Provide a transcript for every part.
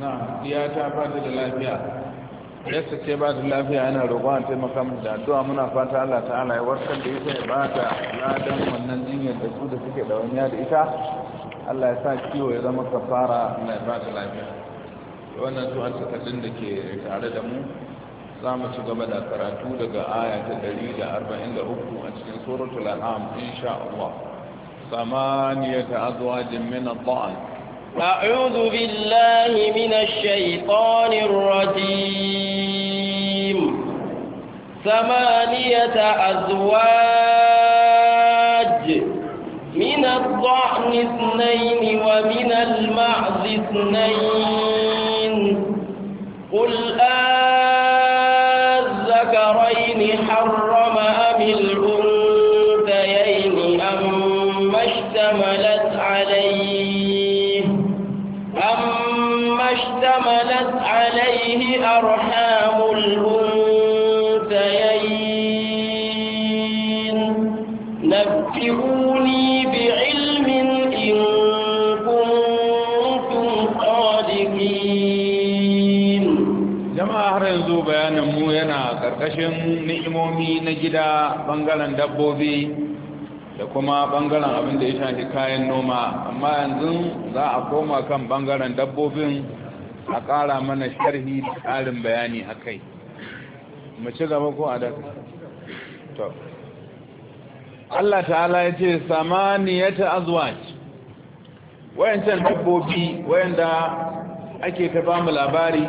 na ya ta da lafiya yasta ce ba da lafiya yana roƙon a taimaka mu da addu'a muna fata Allah ta'ala ya warkar da ita ya ba ta ladan wannan jinyar da su da suke da wani da ita Allah ya sa kiwo ya zama kafara na ba ta lafiya wannan su an takardun da ke tare da mu za mu ci gaba da karatu daga aya ta 143 a cikin suratul an'am insha Allah samaniyata azwajin min ad-dha'n أعوذ بالله من الشيطان الرجيم ثمانية أزواج من الضحن اثنين ومن المعز اثنين قل ذكرين حرم آذ أرحام الأنثيين نبئوني بعلم إن كنتم صادقين جماعة هرزو بيان موينا كركشن da kuma bangaren abin da ya shafi kayan noma amma yanzu za a koma kan ɓangaren dabbobin a ƙara mana sharhi da ƙarin bayani a kai mu gaba ko a daga to Allah ta'ala ya ce samaniyata azwaj wayancan dabbobi wayanda ake ta ba mu labari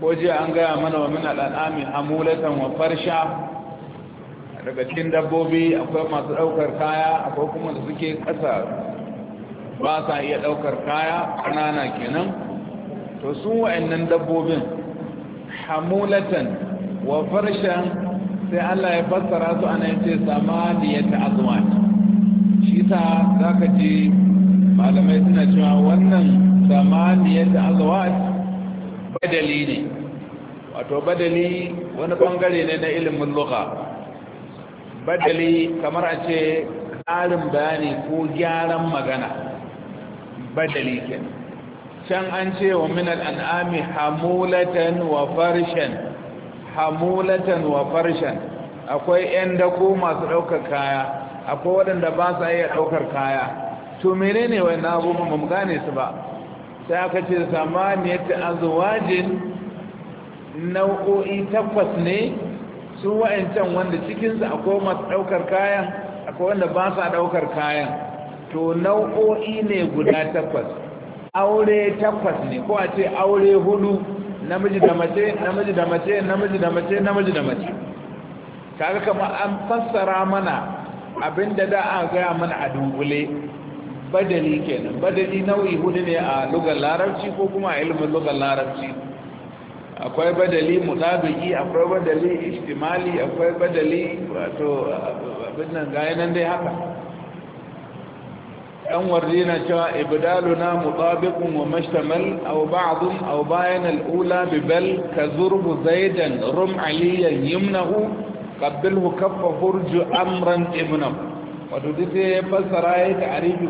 ko jiya an gaya mana wa min al'ami hamulatan wa farsha daga cikin dabbobi akwai masu ɗaukar kaya akwai kuma da suke ƙasa ba sa iya ɗaukar kaya ƙanana kenan to sun wa'annan dabbobin hamulatan wa farshen sai Allah ya fassara su ana yace ta azwaj shi ta zaka ji malamai suna cewa wannan ta azwaj badali ne wato badali wani bangare ne na ilimin lugha badali kamar a ce ƙarin bayani ko gyaran magana badali kenan can an ce wa minal an'ami hamulatan wa farshen hamulatan wa farshen akwai 'yan dako masu ɗaukar kaya akwai waɗanda ba su iya ɗaukar kaya to menene wai na abubuwan ba mu gane su ba sai aka ce samaniyata azwajin nau'o'i takwas ne su wa'ancan wanda cikinsu akwai masu ɗaukar kayan akwai wanda ba su ɗaukar kayan to nau'o'i ne guda takwas aure takwas ne ko a ce aure hudu namiji da mace namiji da mace namiji da mace namiji da mace kaga kamar an fassara mana abinda da an gaya mana a dungule badali kenan badali nau'i hudu ne a lugar larabci ko kuma a ilimin lugar larabci akwai badali mutabiki akwai badali istimali akwai badali wato abin nan gaya nan dai haka ɗan wardi na cewa na mutabiqun wa mashtamal aw ba'dhum aw bayan al-ula bi bal ka zurbu zaidan rum aliyan yumnahu qabbilhu kaffa furju amran ibnahu wato duk sai ya fassara ya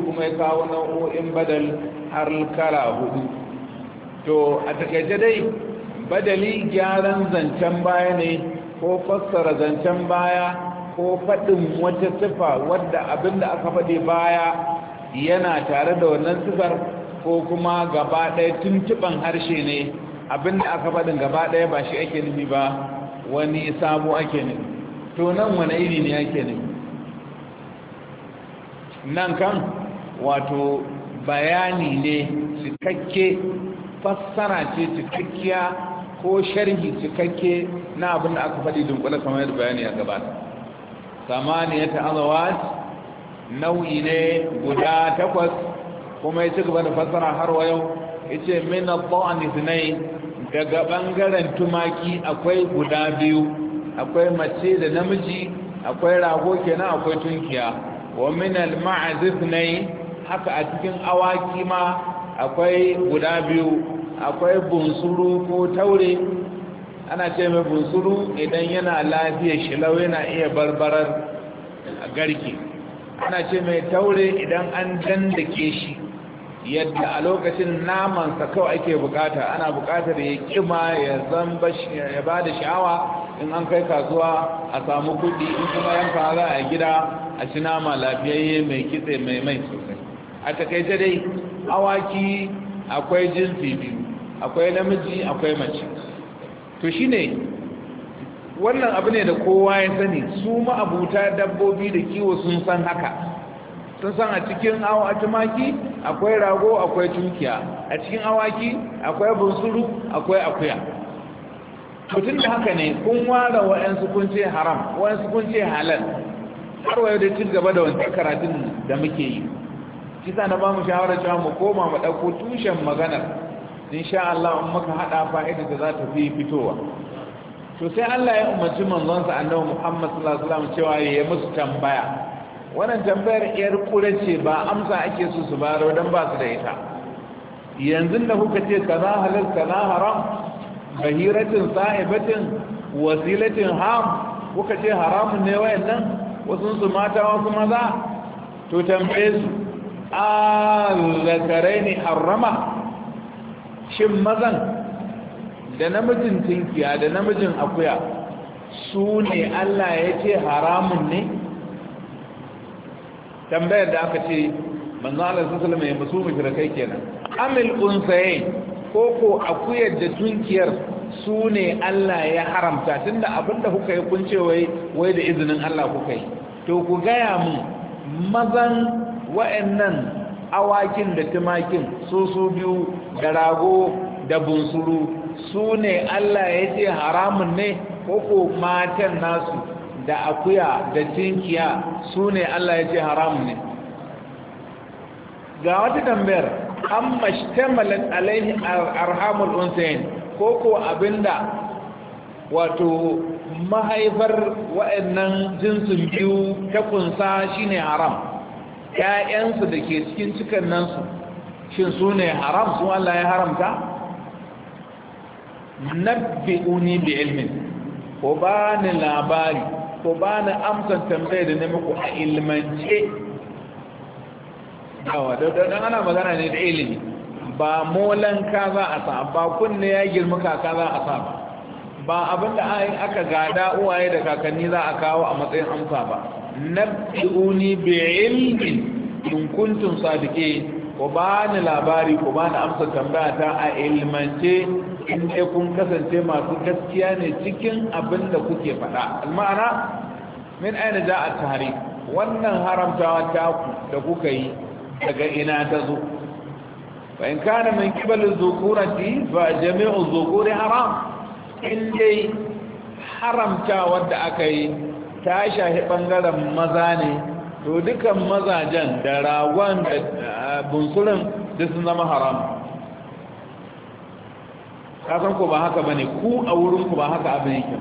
kuma ya kawo in badal har kala hudu to a takaice dai badali gyaran zancen baya ne ko fassara zancen baya ko faɗin wata tufa wadda abinda aka faɗi baya yana tare da wannan sifar ko kuma gaba ɗaya tuntuɓan harshe ne abinda aka faɗin gaba ɗaya ba shi ake nufi ba wani sabo ake nufi to nan wani iri ne ake nufi nan kan wato bayani ne cikakke fassara ce cikakkiya ko sharhi cikakke na abinda aka faɗi dunkula kamar yadda bayani ya gabata samaniyata azawat nau'i ne guda takwas kuma ya ci gaba da fassara har wa yau ya ce min al a daga bangaren tumaki akwai guda biyu akwai mace da namiji akwai rago kenan akwai tunkiya wa min al haka a cikin awaki ma akwai guda biyu akwai bunsuru ko taure ana ce mai bunsuru idan yana lafiya shilau yana iya barbarar garki ana ce mai taure idan an dandake shi yadda a lokacin namansa kawai ake bukata ana bukatar ya kima ya zamba ya ba sha'awa in an kai kasuwa a samu kudi in kuma 'yan fara a gida a ci nama lafiyayye mai kitse mai mai sosai a takaice dai awaki akwai jinsi biyu akwai namiji akwai mace to shine wannan abu ne da kowa ya sani su ma'abuta dabbobi da kiwo sun san haka sun san a cikin awa tumaki akwai rago akwai tunkiya a cikin awaki akwai bunsuru akwai akuya mutum da haka ne kun ware wa'yansu kun ce haram wa'yansu kun ce halal har wayo da cin gaba da wancan karatun da muke yi kisa na bamu mu shawarar cewa mu koma mu ɗauko tushen maganar sha Allah in muka haɗa fa'ida da za ta fi fitowa to sai Allah ya umarci manzonsa annabi Muhammad sallallahu alaihi wasallam cewa ya musu tambaya wannan tambayar yar kure ce ba amsa ake so su baro dan ba su da ita yanzu da kuka ce kaza halal kaza haram bahiratin sa'ibatin wasilatin ham kuka ce haramun ne wayannan wasu su mata wasu maza to tambaye su al ne harrama shin mazan da namijin tinkiya da namijin akuya su ne Allah ya ce haramun ne tambayar da aka ce manzo Allah sallallahu alaihi wasallam ya musu kai kenan amil unsayin koko akuyar da tunkiyar su ne Allah ya haramta tunda abinda kuka yi kun ce wai wai da izinin Allah kuka yi to ku gaya mu mazan wa'annan awakin da tumakin su su biyu da rago da bunsuru su ne Allah ya ce haramun ne ko matan nasu da akuya da tinkiya su ne Allah ya ce haramun ne ga wata tambayar an mashtamalat alaihi arhamul unsayin ko ko abinda wato mahaifar waɗannan jinsin biyu ta kunsa shine haram ‘ya'yansu da ke cikin cikin nan su shin su ne haram su Allah ya haramta? uni bi ilmin ko ni labari ko ni amsan tambayar da nemi ku a ilmance yawa da ana magana ne da ilimi ba molan ka za a sa ba kunne ya girma ka za a sa ba ba abinda aka gada uwaye da kakanni za a kawo a matsayin amsa ba uni bi ilmin in kuntum sadiqin ba ni labari ko ba ni amsa tambaya ta a ilmance in dai kun kasance masu gaskiya ne cikin abin da kuke faɗa ma'ana min aina za a tare wannan haramtawa ku da kuka yi daga ina ta zo fa in kana min kibalin zukurati fa jami'u zukuri haram in dai haramtawa da aka yi ta shahi bangaren maza ne to dukan mazajen da ragon da bunsurin duk zama haram Ka san ku ba haka ba ne ku a wurin ku ba haka abin yake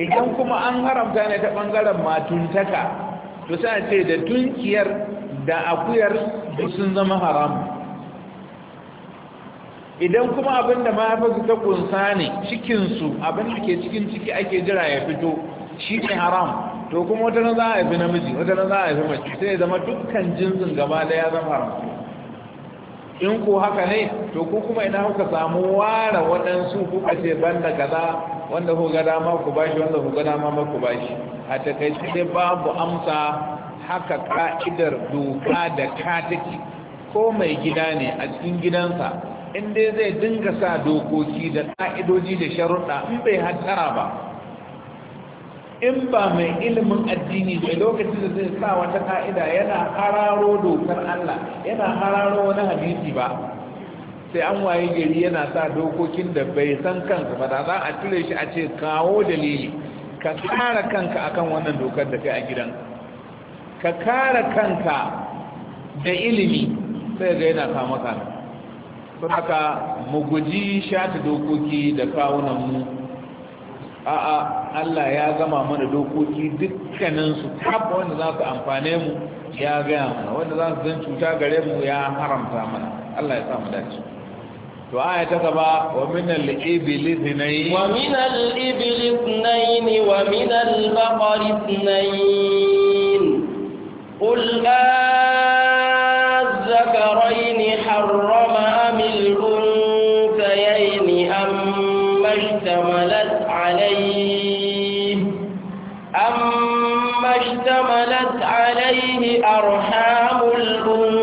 idan kuma an haramta ne ta ɓangaren matuntaka to sai ce da tunkiyar da akuyar sun zama haram idan kuma abin da mahaifarsu ta kunsa ne cikinsu abin da ke cikin ciki ake jira ya fito shi ne haram to kuma wata na za a haifi namiji wata na za a haifi mace sai zama dukkan jinsin gaba da ya zama haram in ko haka ne to ku kuma ina kuka samu ware waɗansu kuka ce banda gaza wanda ku ga dama ku bashi wanda ku ga dama ma ku bashi a takaice dai babu amsa haka ka'idar doka da ka take ko mai gida ne a cikin gidansa in dai zai dinga sa dokoki da ka'idoji da sharuɗa in bai hattara ba in ba mai ilimin addini mai lokacin da zai sa wata ka'ida yana hararo dokar Allah yana hararo wani hadisi ba sai an waye gari yana sa dokokin da bai san kansa ba da za a cire shi a ce kawo dalili ka kara kanka akan wannan dokar da kai a gidan ka kara kanka da ilimi sai ga yana kama ka haka mu guji shata dokoki da kawunan mu a'a Allah ya gama mana dokoki dukkaninsu tab wanda za su amfane mu ya gaya mana wanda za su cuta gare mu ya haramta mana Allah ya samu dace to aya ta gaba wa minal al-ibli thnayn wa minal al-ibli thnayn wa minal al-baqari thnayn qul أرحام الأنثى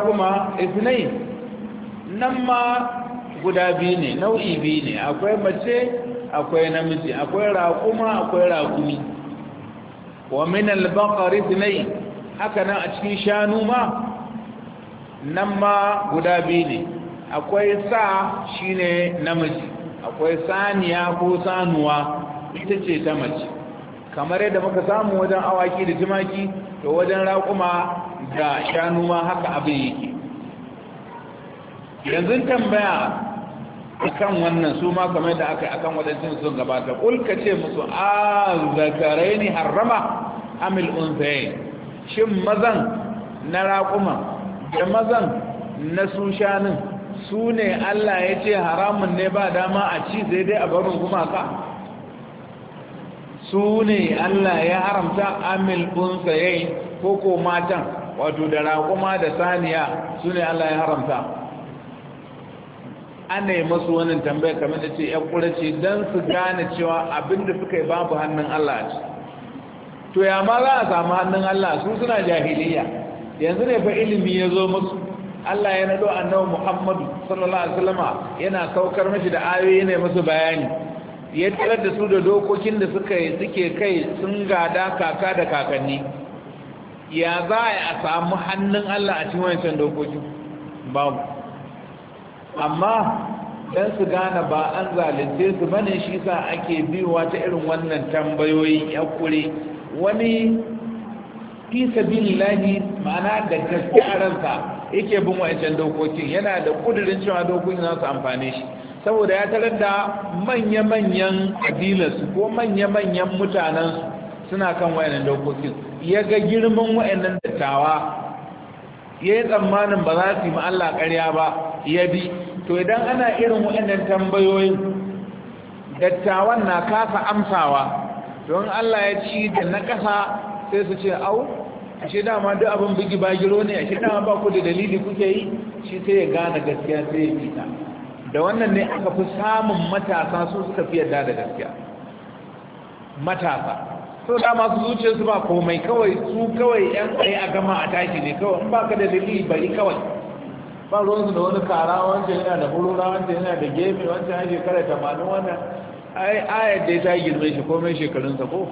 kuma isnai nan ma guda biyu ne nau'i biyu ne akwai mace akwai namiji akwai raƙuma akwai raƙumi wa min al-baqari isnai haka nan a cikin shanu ma nan ma guda biyu ne akwai sa shine namiji akwai saniya ko sanuwa ita ce ta mace kamar yadda muka samu wajen awaki da jimaki da wajen raƙuma da shanu ma haka abin yake yanzu tambaya kan wannan su ma kamar yadda aka akan waɗansu sun gabata ulka ce musu a zakarai ni harrama amil unsaye shin mazan na raƙuma da mazan na su shanun su ne allah ya ce haramun ne ba dama a ci sai dai a barin kuma ka su ne Allah ya haramta amil unsayayi ko ko matan wato da raƙuma da saniya su ne Allah ya haramta ana yi masu wani tambaya kamar da ce ‘yan ƙurace don su gane cewa abinda suka yi babu hannun Allah ce to ya ma za a samu hannun Allah su suna jahiliya yanzu ne fa ilimi ya zo musu Allah ya nado annabi Muhammadu sallallahu alaihi wasallama yana saukar mashi da ayoyi ne masu bayani ya tarar da su da dokokin da suka suke kai sun gada kaka da kakanni ya za a samu hannun Allah a cikin wancan dokokin babu amma dan su gane ba an zalunce su bane shi sa ake biwa ta irin wannan tambayoyi ya kure wani fi lahi ma'ana da gaske a ransa yake bin wa'ancan dokokin yana da kudurin cewa dokokin za su amfane shi saboda ya tarar da manya-manyan kabilarsu ko manya-manyan mutanensu suna kan wayannan dokokin ya ga girman wayannan dattawa ya yi tsammanin ba za su yi Allah ƙarya ba ya bi to idan ana irin wayannan tambayoyin dattawan na kasa amsawa don Allah ya ci da na ƙasa sai su ce au shi dama duk abin bugi bagiro ne a shi dama ba ku da dalili kuke yi shi sai ya gane gaskiya sai ya fita da wannan ne aka fi samun matasa su suka fi yadda da gaskiya matasa sau da masu zuciya su ba komai kawai su kawai yan tsaye a gama a tashi ne kawai in ba ka da dalili bari kawai ba ruwansu da wani kara wancan yana da burura wancan yana da gefe wancan ya shekara tamanin wannan ai ayar da ya ta girme shi komai shekarunsa ko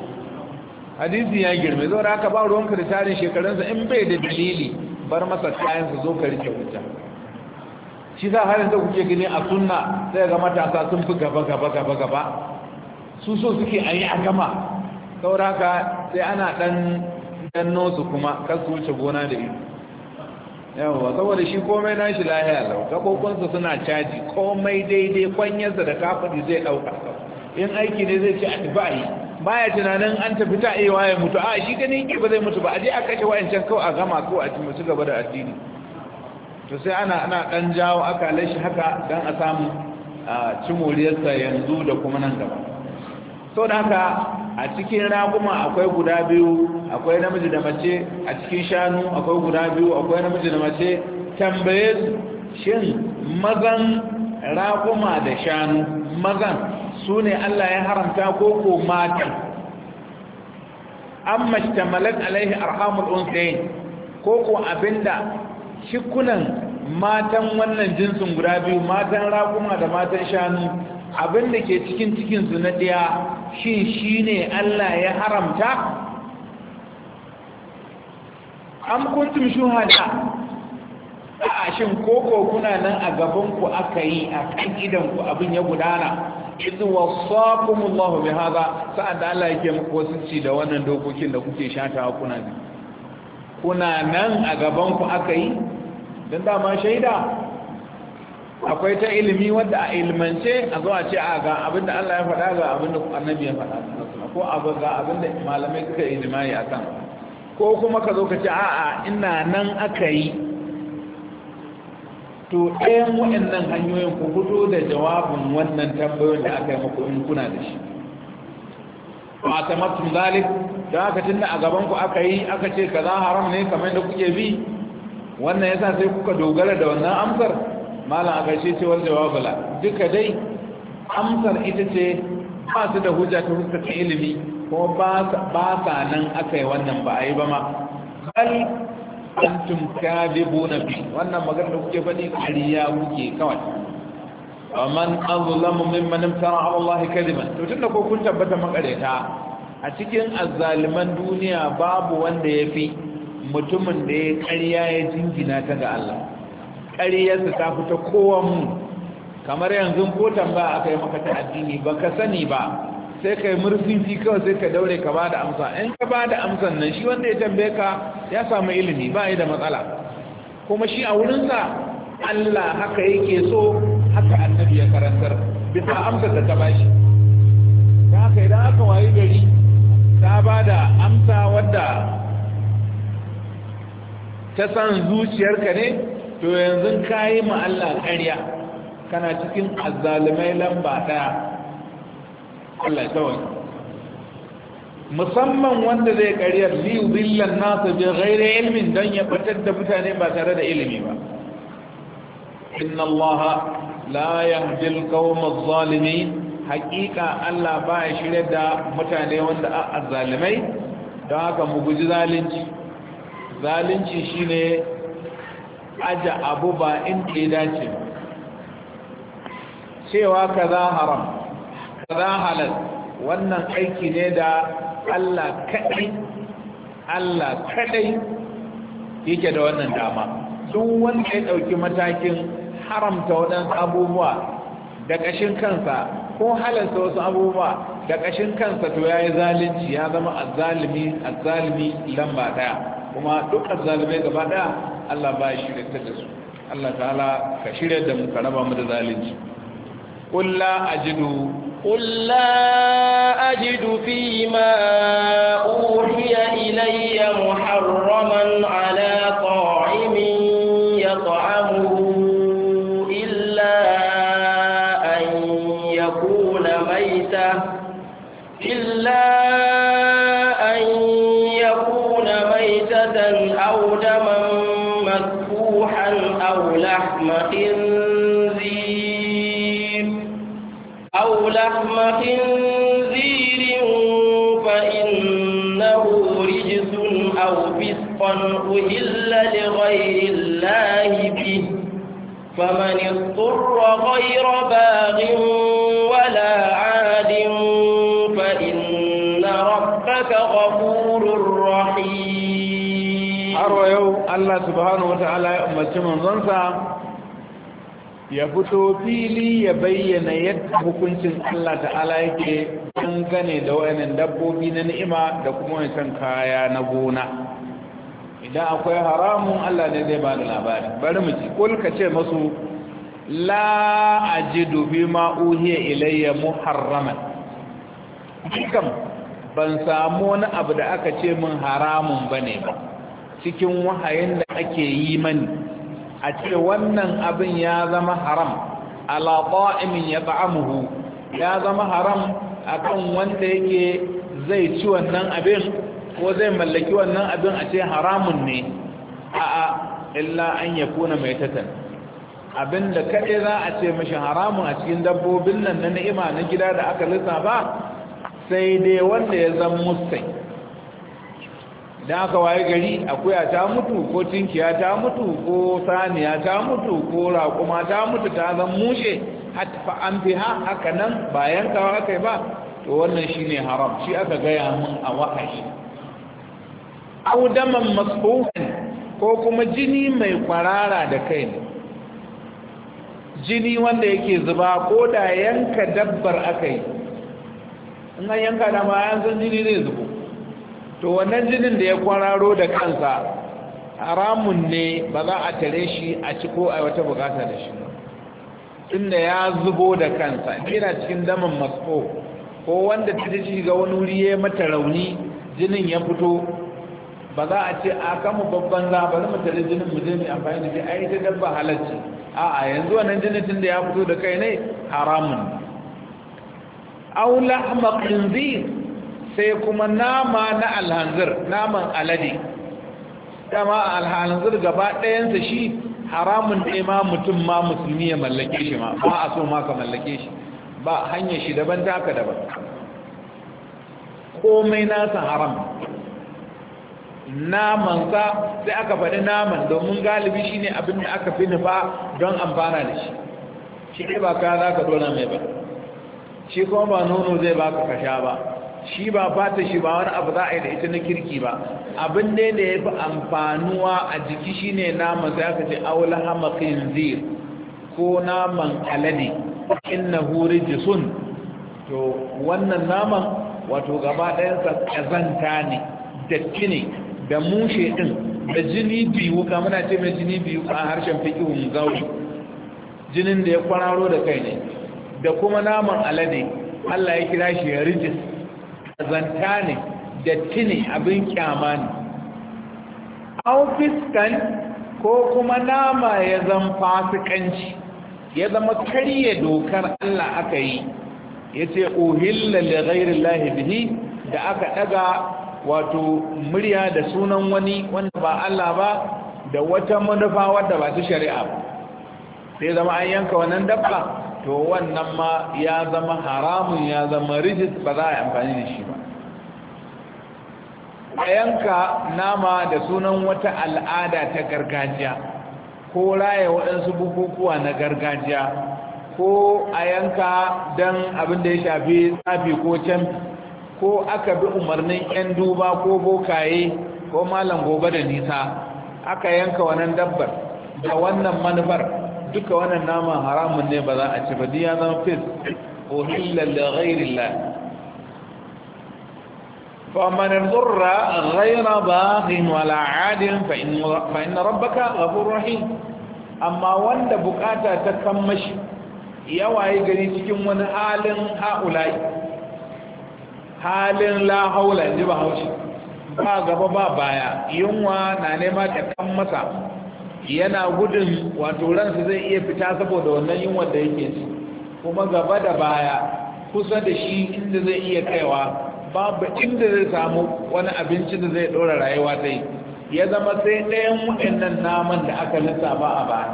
hadisi ya girme zo da aka ba ruwanka da tarin shekarunsa in bai da dalili bar masa su zo ka rike wuta shi za har da kuke gani a sunna sai ga matasa sun fi gaba gaba gaba gaba su so suke a yi a gama sauraka sai ana dan danno nosu kuma kar su wuce gona da ido yawwa saboda shi komai na shi lahiya lau gaɓoɓinsa suna caji komai daidai kwanyarsa da kafaɗi zai ɗauka in aiki ne zai ce a tafi a yi ya tunanin an tafi ta iya waye mutu a shi ganin ba zai mutu ba a je a kashe wayancan kawai a gama ko a ci su gaba da addini to sai ana ana dan jawo aka shi haka dan a samu cimoriyarsa yanzu da kuma nan gaba sau da haka a cikin raguma akwai guda biyu akwai namiji da mace a cikin shanu akwai guda biyu akwai namiji da mace tambaye shin mazan raguma da shanu mazan su ne Allah ya haramta ko ko matan amma shtamalat alaihi arhamul unsayin ko ko abinda cikunan matan wannan jinsin guda biyu matan raƙuma da matan shanu abin da ke cikin cikinsu na ɗaya shin shi ne Allah ya haramta? am kuntum shuhada a shin koko kuna nan a gabanku aka yi a kan ku abin ya gudana izu wasakumullahu mai haza, sa'ad da Allah yake muku wasu da wannan dokokin da kuke shata kuna bi kuna nan a gabanku aka yi don dama shaida akwai ta ilimi wadda a ilmance a zuwa ce a ga abinda Allah ya faɗa ga abinda annabi ya faɗa ko abu ga abinda malamai suka ilimai a kan ko kuma ka zo ka ce a'a ina nan aka yi to ɗayan nan hanyoyin ku fito da jawabin wannan tambayoyin da aka yi maku in kuna da shi ma tamattum zalik da aka tunda a gaban ku aka yi aka ce kaza haram ne kamar yadda kuke bi wannan yasa sai kuka dogara da wannan amsar malam aka ce ce jawabu la duka dai amsar ita ce ba su da hujja ta fuskar ilimi ko ba sa nan aka yi wannan ba a yi ba ma bal antum kadibuna bi wannan magana da kuke faɗi kariya kuke kawai man azlamu mimman imtara ala Allah kadiban to tunda ko kun tabbata maƙaryata. a cikin azaliman duniya babu wanda yafi mutumin da ya ƙarya ya jingina ta ga Allah ƙaryarsa ta fita kowa kamar yanzu ko tambaya aka yi maka ta addini ba ka sani ba sai kai murfin fi kawai sai ka daure ka ba da amsa in ka ba da amsa nan shi wanda ya tambaye ka ya samu ilimi ba da matsala kuma shi a wurinsa Allah haka yake so haka annabi ya karantar bisa amsa da ta bashi ta haka idan aka wayi gari ta ba da amsa wadda ta san zuciyarka ne to yanzu ka yi Allah ƙarya kana cikin azzalumai lamba ɗaya Allah ta musamman wanda zai karyar billan nasa bi ghairi ilmin don ya batar da mutane ba tare da ilimi ba inna allaha la yahdi alqawm adh-dhalimin haqiqa Allah ba ya shirye da mutane wanda azzalimai don haka mu guji zalunci zalunci shine aja abu ba in ke dace cewa kaza haram kaza halal wannan aiki ne da Allah kadai Allah kadai yake da wannan dama duk wanda ya dauki matakin haramta waɗansu abubuwa da ƙashin kansa ko halarta wasu abubuwa da ƙashin kansa to ya yi zalunci ya zama azzalimi azzalimi lamba ɗaya kuma duk azzalimai gaba ɗaya Allah ba ya shirya da su Allah ta ta'ala ka shirya da mu ka raba mu da zalunci Ƙulla la ajidu qul la ajidu fi ma uhiya ilayya muharraman ala ta'imin yat'amu إلا أن يكون ميتة أو دما مذبوحا أو لحم خنزير أو لحم خنزير فإنه رجس أو فسقا أهل لغير الله به فمن اضطر غير باغ ولا Allah subhanahu wata'ala ya umarci manzonsa ya fito fili ya bayyana yadda hukuncin Allah ta'ala yake gane da wayannan dabbobi na ni'ima da kuma wancan kaya na gona idan akwai haramun Allah ne zai ba da labari bari mu ci kul ka ce masu la ajidu bima uhiya ilayya muharraman kikam ban samu wani abu da aka ce min haramun bane ba cikin wahayin da ake yi mani a ce wannan abin ya zama haram ala ta'imin ya ta'amuhu ya zama haram kan wanda yake zai ci wannan abin ko zai mallaki wannan abin a ce haramun ne a'a illa an ya kuna mai tatan abin da kaɗai za a ce mashi haramun a cikin dabbobin nan na ni'ima na gida da aka lissafa sai dai wanda ya zama mustai idan aka waye gari akuya ta mutu ko tinkiya ta mutu ko saniya ta mutu ko raƙuma ta mutu ta zan mushe hatta an fi ha nan bayan kawo aka yi ba to wannan shi ne haram shi aka gaya mun a wahashi audaman masbuhan ko kuma jini mai kwarara da kai ne jini wanda yake zuba ko da yanka dabbar aka yi in an yanka da ma yanzu jini zai zubo to wannan jinin da ya kwararo da kansa haramun ne ba za a tare shi a ci ko a wata bukata da shi inda ya zubo da kansa Ina cikin daman masko ko wanda ta ci ga wani wuri ya mata rauni jinin ya fito ba za a ce a kama babban za ba mu tare jinin mu je mu amfani da shi A yi ta dabba halarci a'a yanzu wannan jinin tun da ya fito da kai ne haramun Aula lahma khinzir sai kuma nama na alhanzir naman alade dama alhanzir gaba ɗayansa shi haramun da ma mutum ma musulmi ya mallake shi ma ba a so ma ka mallake shi ba hanyar shi daban da daban komai nasa haram Naman namansa sai aka faɗi naman domin galibi shi ne abin da aka fi nufa don amfana da shi shi ba ka za ka dona mai ba shi kuma ba nono zai baka kasha ba shi ba fata shi ba wani abu za a yi da ita na kirki ba abin ne da ya fi amfanuwa a jiki shi ne naman sai aka ce aula hama Kinzir ko naman alade inna huri jisun to wannan naman wato gaba ɗayansa ƙazanta ne datti ne da mushe ɗin da jini biyu ka muna ce mai jini biyu a harshen fikihun zauri jinin da ya kwararo da kai ne da kuma naman alade Allah ya kira shi ya rijis zanta ne datti ne abin kyama ne an fiskan ko kuma nama ya zan fasikanci ya zama karye dokar Allah aka yi ya ce ohilla da gairin bihi da aka daga wato murya da sunan wani wanda ba Allah ba da wata manufa wadda ba ta shari'a ba sai zama an yanka wannan dabba to wannan ma ya zama haramun ya zama rijis ba za a amfani da shi ba a yanka nama da sunan wata al'ada ta gargajiya ko raya waɗansu bukukuwa na gargajiya ko a yanka don abin da ya shafi tsafi ko canfi ko aka bi umarnin 'yan duba ko bokaye ko malam gobe da nisa aka yanka wannan dabbar da wannan manufar duka wannan naman haramun ne ba za a ci ba ya zama fis uhilla li ghayri Allah fa man dhurra ghayra baghin wala 'adin fa inna fa inna rabbaka ghafurur rahim amma wanda bukata ta kammashi yawaye gari cikin wani halin haulai halin la haula inji ba haushi ba gaba ba baya yunwa na nema ta kan masa yana gudun wato ransa zai iya fita saboda wannan yunwa da yake ci kuma gaba da baya kusa da shi inda zai iya kaiwa babu inda zai samu wani abinci da zai ɗora rayuwa ta ya zama sai ɗayan waɗannan naman da aka lissafa a baya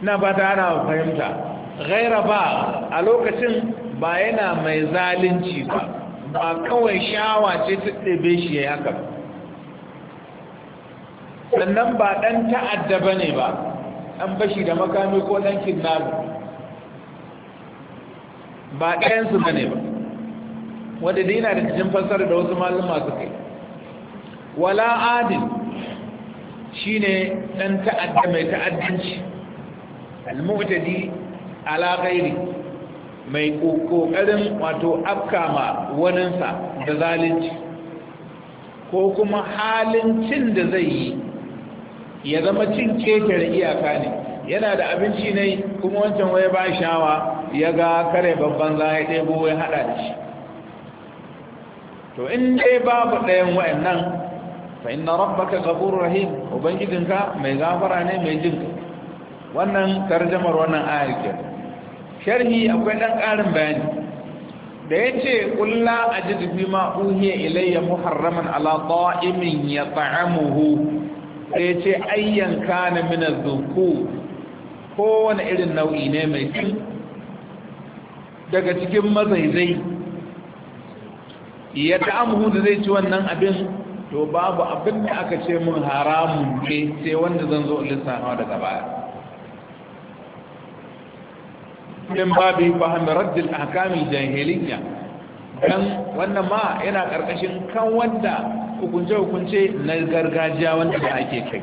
na ba ta ana fahimta gaira ba a lokacin ba yana mai zalunci ba ba kawai shawa ce ta ɗebe shi ya yi haka sannan ba ɗan ta'adda ba ne ba ɗan bashi da makami ko ɗan kinnalu ba ɗayansu ba ne ba wadda dina yana da cikin fassara da wasu malin masu kai wala adil shi ne ɗan ta'adda mai ta'addanci al ala ghairi mai ƙoƙarin wato afkama waninsa da zalunci ko kuma halin cin da zai yi ya zama cin ketare iyaka ne yana da abinci ne kuma wancan waya ba shawa ya ga kare babban za ya ɗebo ya haɗa da shi to in dai babu ɗayan nan fa inna rabbaka ghafurur rahim ubangijinka mai gafara ne mai jin wannan tarjamar wannan ayar sharhi akwai ɗan ƙarin bayani da yace ƙulla la ajidu bima uhiya ilayya muharraman ala ta'imin ta'amuhu sai ce ayyan kana min az kowane irin nau'i ne mai cin daga cikin mazaizai ya ta'amhu da zai ci wannan abin to babu abin da aka ce mun haramun ne sai wanda zan zo lissafa daga baya min babu fahim raddil ahkamil jahiliyya dan wannan ma yana karkashin kan wanda hukunce-hukunce na gargajiya wanda da ake kai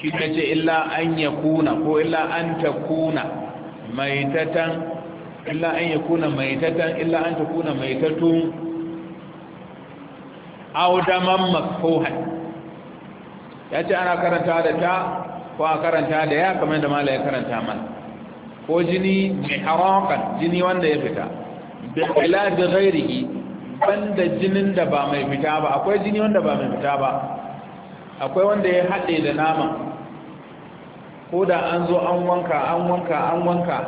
shi ta ce illa an ya kuna ko illa an ta kuna maitatan illa an ya kuna maitatan illa an ta kuna maitatun audaman makfohan ya ce ana karanta da ta ko a karanta da ya kamar da mala ya karanta mana ko jini mai harakan jini wanda ya fita bi ila da gairiki banda jinin da ba mai fita ba akwai jini wanda ba mai fita ba akwai wanda ya haɗe da nama ko da an zo an wanka an wanka an wanka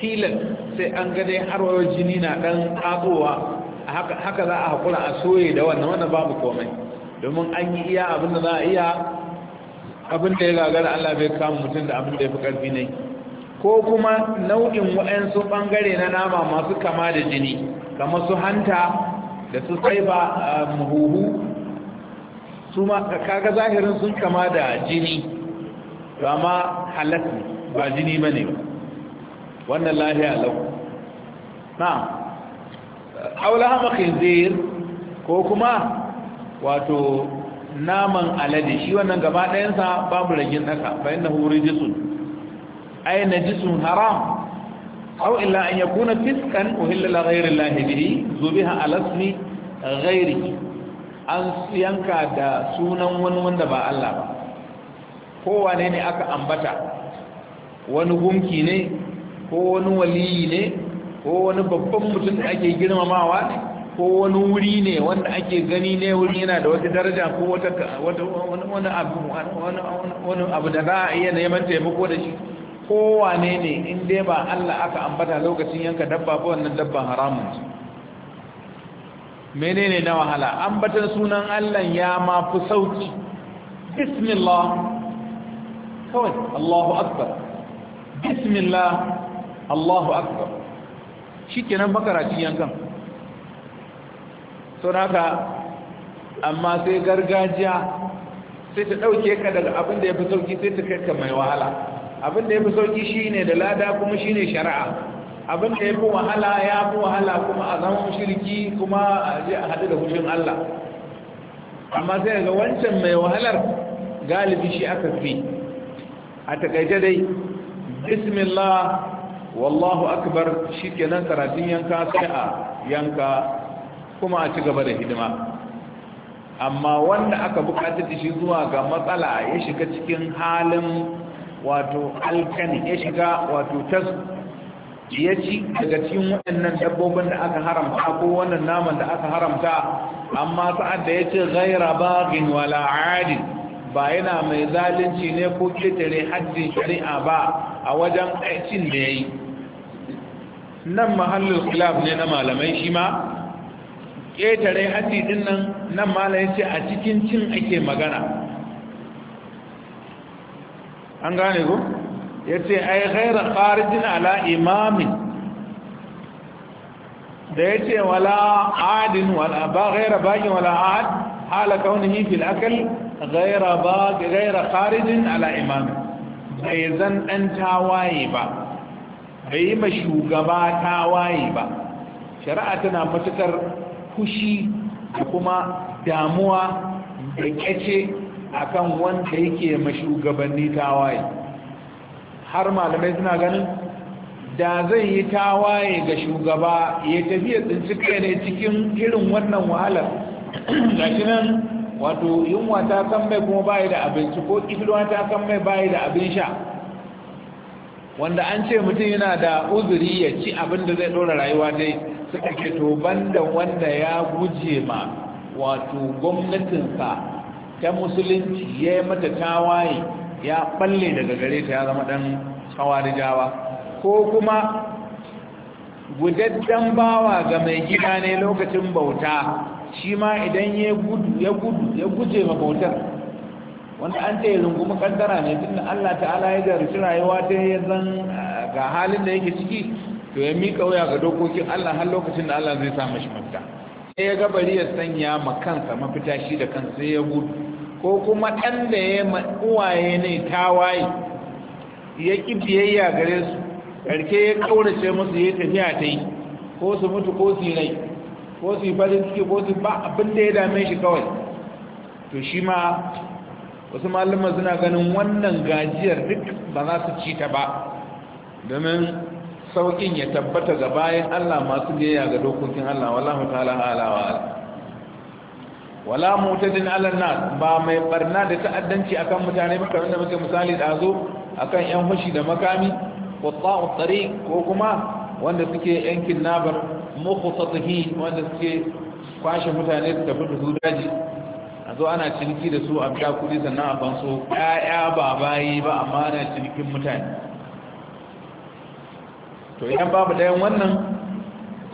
tilan sai an ga dai harwar jini na ɗan ƙagowa haka za a haƙura a soye da wannan wannan babu komai domin an yi iya abinda za a iya abinda ya gagara Allah bai kama mutum da abinda ya fi ƙarfi ne ko kuma nau'in waɗansu ɓangare na nama masu kama da jini kamar su hanta da su saiba muhuhu su ma kaga zahirin sun kama da jini to amma halat ne ba jini ba ne ba wannan lahiya lau na aula hama khinzir ko kuma wato naman alade shi wannan gaba ɗayansa babu ragin ɗaka bayan na huri jisun na jisun haram au illa an yakuna fiskan uhilla la ghayri Allah bihi zubiha ala ismi ghairihi an yanka da sunan wani wanda ba Allah ba kowane ne aka ambata wani gumki ne ko wani waliyi ne ko wani babban mutum da ake girmamawa ne ko wani wuri ne wanda ake gani ne wuri yana da wata daraja ko wani abu da za a iya neman taimako da shi kowane ne in dai ba Allah aka ambata lokacin yanka dabba ba wannan dabban haramun ce menene na wahala ambatan sunan Allah ya ma fi sauki bismillah kawai Allahu akbar bismillah Allahu akbar shikenan makaracin yankan sau amma sai gargajiya sai ta ɗauke ka daga abin da ya fi sauki sai ta kai ka mai wahala abin da ya fi sauki shi ne da lada kuma shi ne shari'a abin da ya fi wahala ya fi wahala kuma a zama shirki kuma a a haɗu da hushin Allah amma sai ga wancan mai wahalar galibi shi aka fi a takaice dai bismillah wallahu akbar shi ke nan karatun yanka sai a yanka kuma a ci gaba da hidima amma wanda aka bukatar da shi zuwa ga matsala ya shiga cikin halin wato alkan ya shiga wato tas ya ci daga cikin waɗannan dabbobin da aka haramta ko wannan naman da aka haramta amma sa'ad da ya ce ghaira baghin wala adi ba yana mai zalunci ne ko ketare haddin shari'a ba a wajen aikin da yayi nan mahallul khilaf ne na malamai shi ma ketare haddi din nan nan malamai ce a cikin cin ake magana an gane ku? ya ce ai ghaira kharijin ala imamin da ya ce wala adin wala ba ghaira bakin wala ad hala kaunihi fil akal ghaira ba ghaira kharijin ala imamin bai zan dan tawaye ba bai yi ma shugaba tawaye ba shari'a tana matukar fushi da kuma damuwa da kyace akan wanda yake mashugabanni tawaye har malamai suna ganin da zai yi tawaye ga shugaba ya tafiya tsinci ne cikin irin wannan wahalar gashi nan wato yunwa ta kan mai kuma bayi da abinci ko kifilwa ta kan mai bayi da abin sha wanda an ce mutum yana da uzuri ya ci abin da zai dora rayuwa dai suka ke to banda wanda ya guje ma wato gwamnatinsa ta musulunci ya yi mata tawaye ya balle daga gare ta ya zama ɗan hawarijawa ko kuma gudaddan bawa ga mai gida ne lokacin bauta shi ma idan ya gudu ya gudu ya guje ma bautar wanda an ce yanzu kaddara ne tun Allah ta'ala ya jarci rayuwa ta ya zan ah, ga halin da yake ciki to ya mika wuya ga dokokin Allah har lokacin da Allah zai sa mashi mafita sai ya ga bari ya sanya ma kansa mafita shi da kansa sai ya gudu ko kuma ɗan da ya uwaye ne ta waye ya ƙi biyayya gare su ƙarke ya ƙaurace musu ya tafiya ta yi ko su mutu ko su rai ko su yi farin ciki ko su ba abin da ya dame shi kawai to shi ma wasu malama suna ganin wannan gajiyar duk ba za su ci ta ba domin sauƙin ya tabbata ga bayan allah masu biyayya ga dokokin allah wallahu ta'ala ala wa'ala wala mutadin ala nas ba mai barna da ta'addanci akan mutane ba kamar da muke misali da zo akan yan fashi da makami ta'u tariq ko kuma wanda suke yan kidnapper muqtatihi wanda suke kwashe mutane da tafi da su daji a zo ana ciniki da su a biya kuɗi sannan a banso ƴaƴa ba bayi ba amma ana cinikin mutane to idan babu dayan wannan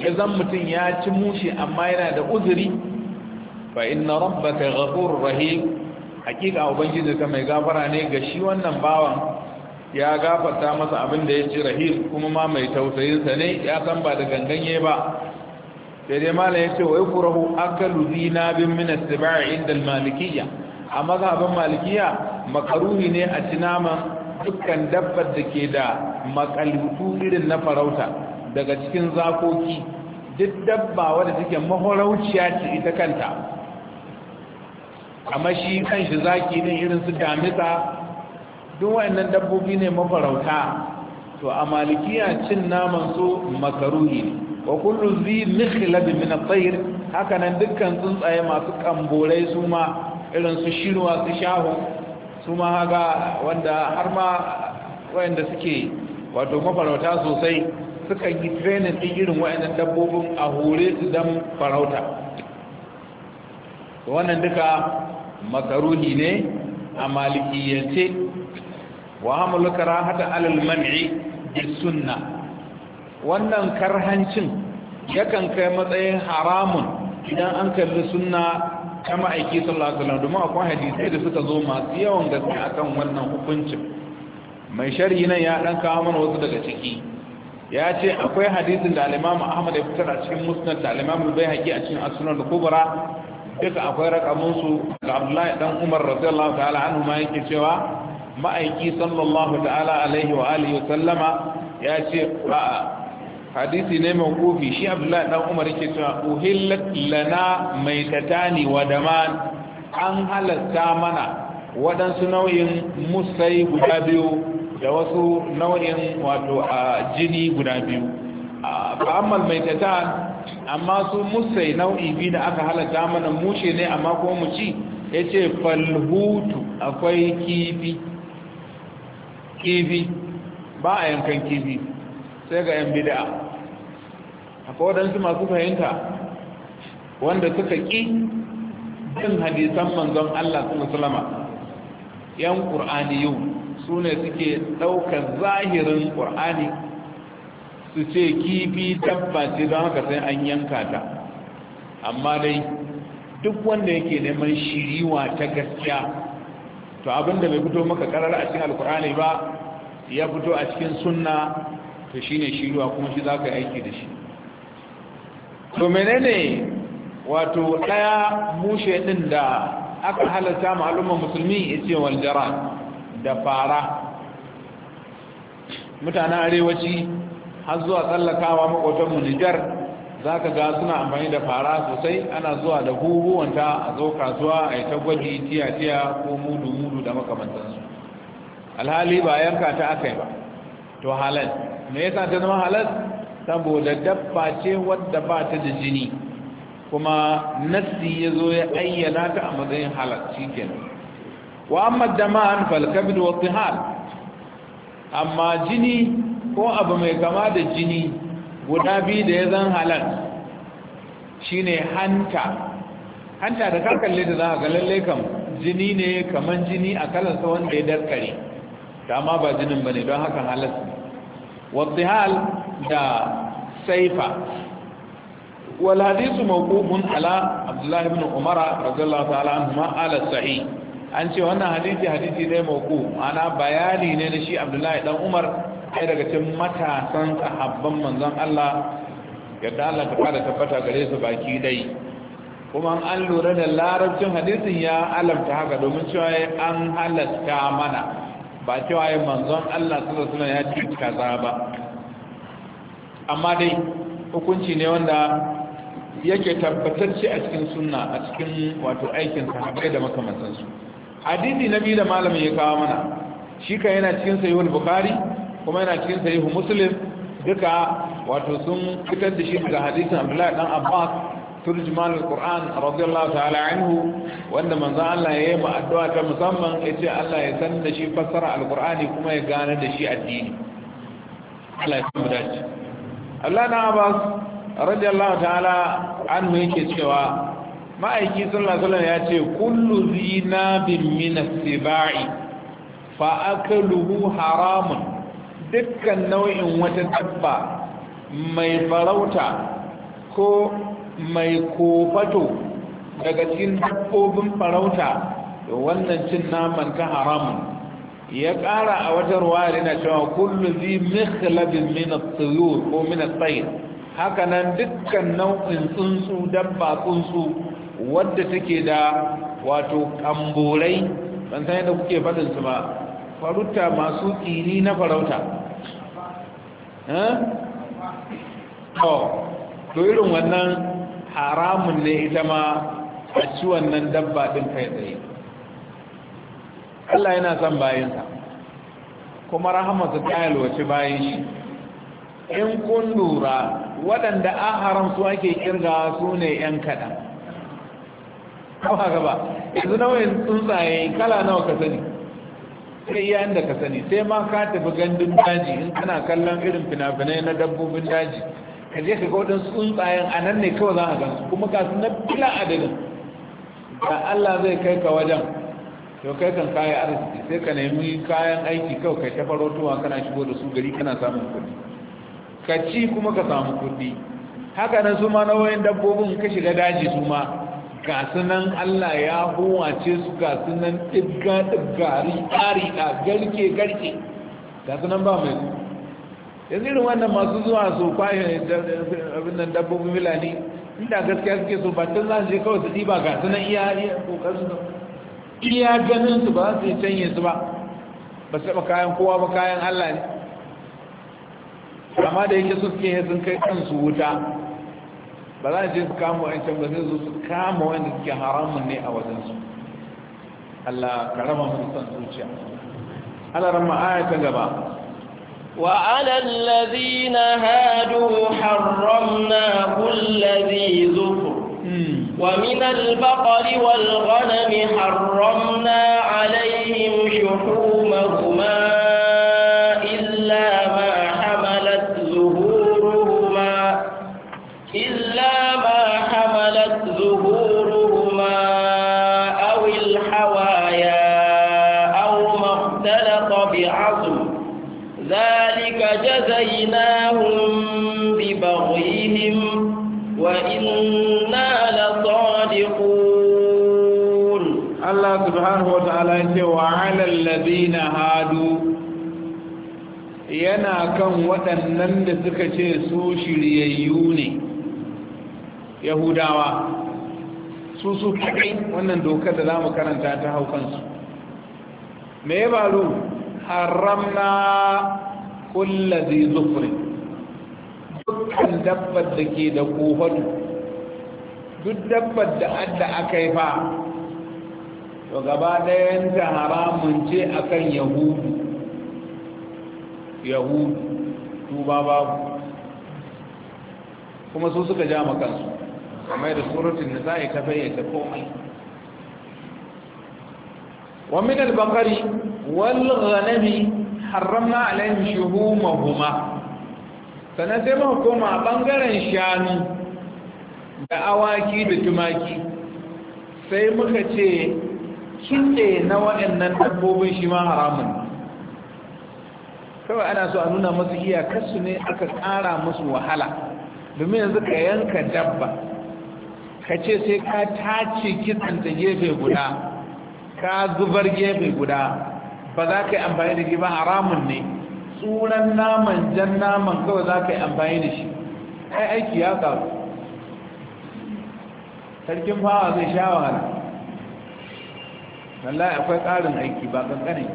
ya zan mutum ya ci mushi amma yana da uzuri fa inna rabbaka ghafur rahim hakika ubangiji ka mai gafara ne ga shi wannan bawan ya gafarta masa abin da ya ci rahim kuma ma mai tausayinsa ne ya san ba da ganganye ba sai dai mala yace ce wa yakurahu akalu bin min as inda al-malikiyya a ban malikiya makaruhi ne a ci naman dukkan dabbar da ke da makalutu irin na farauta daga cikin zakoki duk dabba wadda take mahorauciya ce ita kanta amma shi kan shi zaki ne irin su damisa duk wayannan dabbobi ne mafarauta to a malikiya cin naman su makaruhi ne wa kullu zi mikhlab min at-tayr haka nan dukkan tsuntsaye masu kamborai su ma irin su shirwa su shahu su ma haka wanda har ma wayanda suke wato mafarauta sosai suka yi training din irin wayannan dabbobin a hore su dan farauta to wannan duka makaruhi ne a malikiyance wa hamlu hada alal man'i bis sunna wannan karhancin yakan kai matsayin haramun idan an kalli sunna ta ma'aiki sallallahu alaihi domin akwai hadisai da suka zo masu yawan gaske akan wannan hukuncin mai sharhi nan ya dan kawo mana wasu daga ciki ya ce akwai hadisin da al-Imam Ahmad ya fitar a cikin Musnad da al-Imam al a cikin As-Sunan Al-Kubra duka akwai rakamunsu da abdullahi dan umar radiyallahu ta'ala anhu ma yake cewa ma'aiki sallallahu ta'ala alaihi wa alihi wa sallama ya ce ba hadisi ne mai kofi shi abdullahi dan umar yake cewa uhillat lana maitatani wa daman an halatta mana waɗansu nau'in musai guda biyu da wasu nau'in wato jini guda biyu fa'ammal maitatan amma su musai nau'i biyu da aka halatta mana mushe ne amma kuma mu ci ya ce falhutu akwai kifi kifi ba a yankan kifi sai ga yan bida akwai waɗansu masu fahimta wanda suka ƙi jin hadisan manzon Allah su musulama yan ƙur'ani yau su ne suke ɗaukar zahirin ƙur'ani su ce kifi dabba ce don haka sai an yanka ta amma dai duk wanda yake neman shiriwa ta gaskiya to abinda bai fito maka karar a cikin alkur'ani ba ya fito a cikin sunna to shine shiriwa kuma shi za ka aiki da shi to menene wato daya mushe din da aka halatta ma'alumman musulmi ya ce jara da fara mutanen arewaci har zuwa tsallakawa makotanmu nijar za ka ga suna amfani da fara sosai ana zuwa da huhuwanta a zo kasuwa a yi ta gwaji tiya-tiya ko mudu-mudu da makamantansu alhali ba yanka ta aka yi ba to halal me yasa ta zama halal saboda dabba ce wadda ba ta da jini kuma nassi ya zo ya ayyana ta a matsayin halal shi kenan wa amma dama an falkabin wa amma jini ko abu mai kama da jini guda biyu da ya zan halal shine hanta hanta da kakalle da za a ga lalle kam jini ne kaman jini a kalarsa wanda ya darkare ma ba jinin bane don hakan halas ne hal da saifa wal hadisu mawqufun ala abdullahi ibn umara radiyallahu ta'ala ma ala sahi an ce wannan hadisi hadisi ne mawquf ana bayani ne da shi Abdullahi dan umar ɗaya daga cikin matasan sahabban manzon Allah yadda Allah ta fara tabbata gare su baki dai kuma an lura da larabcin hadisin ya alamta haka domin cewa an halatta mana ba cewa ya manzon Allah sallallahu suna ya ci kaza ba amma dai hukunci ne wanda yake tabbatacce a cikin sunna a cikin wato aikin sahabbai da makamantansu hadisi na biyu da malamin ya kawo mana shi ka yana cikin sayuwar bukari kuma yana cikin sahihu muslim duka wato sun fitar da shi daga hadisin abdullahi dan abbas turjiman alquran radiyallahu ta'ala anhu wanda manzo Allah ya yi addu'a ta musamman yace Allah ya san da shi fassara alqurani kuma ya gane da shi addini Allah ya san mu dace Abdullahi dan abbas radiyallahu ta'ala anhu yake cewa ma'aiki sallallahu alaihi wasallam ya ce kullu zinabin min as-sibai fa akaluhu haramun dukkan nau'in wata dabba mai farauta ko mai kofato daga cikin dabbobin farauta wannan cin naman ta haramun ya ƙara a wata ruwa na cewa kullu zi mikhlabin min at-tuyur ko min at-tayr haka nan dukkan nau'in tsuntsu dabba tsuntsu wadda take da wato kamburai. ban san yadda kuke fadin su ba farauta masu tsini na farauta Eh? to irin wannan haramun ne ita ma a ci wannan dabba ɗin kai tsaye Allah yana son bayansa kuma rahamarsa ta yalwace bayan shi in kun lura waɗanda an su ake kirga su ne 'yan kaɗan kawo gaba yanzu nawa tsuntsaye kala nawa ka sani sai yayin da ka sani sai ma ka tafi gandun daji in kana kallon irin fina-finai na dabbobin daji ka je ka ga waɗansu tsuntsayen a nan ne kawai za a gan kuma ka su na bila adadin da Allah zai kai ka wajen to kai kan kayi arziki sai ka nemi kayan aiki kawai kai ta tuwa kana shigo da su gari kana samun kuɗi ka ci kuma ka samu kuɗi haka nan su ma nawayin dabbobin ka shiga daji su ma gasunan Allah ya huwace su gasunan ɗibga ɗibga a garke garke gasunan ba mai yanzu irin wannan masu zuwa su kwaye abin nan dabbobin filani inda gaskiya suke so ba tun za su je kawai su ɗiba gasunan iya ƙoƙarsu iya ganin su ba su yi canye su ba ba su kayan kowa ba kayan Allah ne amma da yake suke sun kai kansu wuta ba za a je su kama wa'ancan ba sai su kama wanda suke haramun ne a wajensu Allah ka rama mu san zuciya Allah rama aya ta gaba وعلى الذين هادوا حرمنا كل ذي ذكر ومن البقر والغنم حرمنا عليهم شحومهما إلا ما حملت ظهورهما أو الحوايا أو ما اختلط بعظم ذلك جزيناهم ببغيهم وإنا لصادقون الله سبحانه وتعالى وعلى الذين هادوا yana kan waɗannan da suka ce su shiryayyu ne yahudawa su su kaɗai wannan dokar da za mu karanta ta haukansu? kansu me ya faru haramna kulla zai zufri dukkan dabbar da ke da kohon duk dabbar da adda aka yi fa to gaba ta haramun ce akan yahudu yahudu tuba babu kuma su suka ja makansu amma da suratun da za ka bayyana komai wa min al-baqari wal ghanami harramna shuhumahuma sannan sai muka koma bangaren shanu da awaki da tumaki sai muka ce kitse na waɗannan dabbobin shi ma haramun kawai ana so a nuna masu iyakarsu ne aka ƙara musu wahala domin yanzu ka yanka dabba ka ce sai ka tace kitsan da gefe guda ka zubar gefe guda ba za ka yi amfani da ba haramun ne tsuran naman jan naman kawai za ka yi amfani da shi ai aiki ya karu sarkin fawa zai sha wahala wallahi akwai tsarin aiki ba kankanin.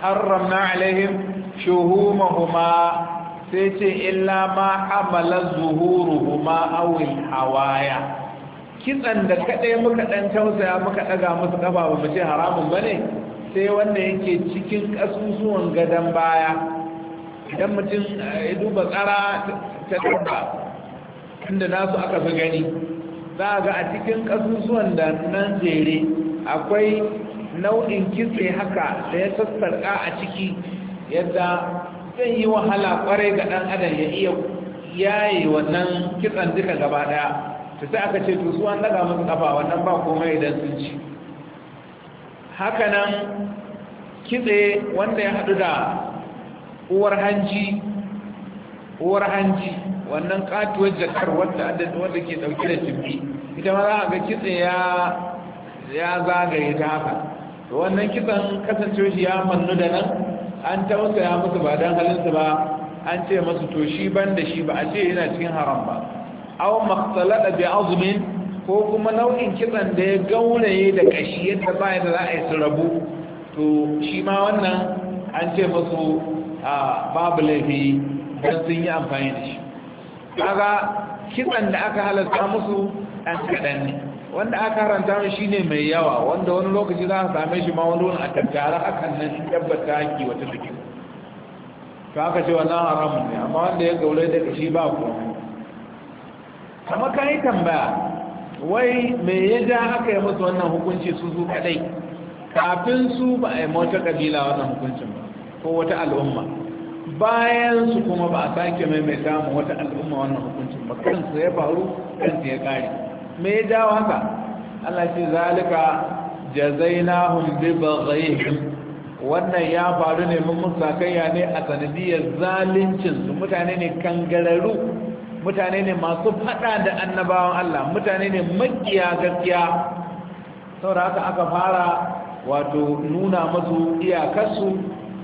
harram na alaihim shuhumahuma sai ce illa ma hamala zuhuruhuma awil hawaya kitsan da kaɗai muka ɗan tausaya muka ɗaga musu ƙafa ba mu ce haramun ba ne sai wanda yake cikin ƙasusuwan gadon baya idan mutum eh, ya duba tsara ta ɗauka inda nasu aka fi gani za a ga a cikin ƙasusuwan da nan jere akwai nau'in kitse haka da ya sassarƙa a ciki yadda zai yi wahala kwarai ga ɗan adam ya iya yaye wannan kitsan duka gaba ɗaya ta sai aka ce to su an daga musu kafa wannan ba komai idan sun ci hakanan kitse wanda ya hadu da uwar hanji uwar hanji wannan katuwar jakar wanda wanda ke dauke da cimbi ita ma za a ga kitse ya ya zagaye ta haka to wannan kitsan kasancewa shi ya mannu da nan an tausaya musu ba don halinsu ba an ce masu to shi ban da shi ba a ce yana cikin haram ba aw makhtalada bi azmin ko kuma nau'in kitsan da ya gauraye da kashi yadda ba yadda za a yi su rabu to shi ma wannan an ce musu babu laifi don sun yi amfani da shi kaga kitsan da aka halatta musu ɗan kaɗan ne wanda aka haranta mu shi ne mai yawa wanda wani lokaci za a same shi ma wani wani a tattara hakan nan tabbata ki wata jikin to aka ce wannan haramun ne amma wanda ya gaure da kashi ba komai kama ka yi tambaya wai me ya ja aka yi musu wannan hukunci su zu kadai kafin su ba a yi mota kabila wannan hukuncin ba ko wata al'umma bayan su kuma ba a sake maimaita mu wata al'umma wannan hukuncin ba kansu ya faru kansu ya kare me ya ja haka Allah ce zalika jazainahum bi baghayhim wannan ya faru ne mun musakaiya ne a sanadiyar zalincin su mutane ne kangararu mutane ne masu faɗa da annabawan Allah mutane ne makiya gaskiya saboda haka aka fara wato nuna musu iyakarsu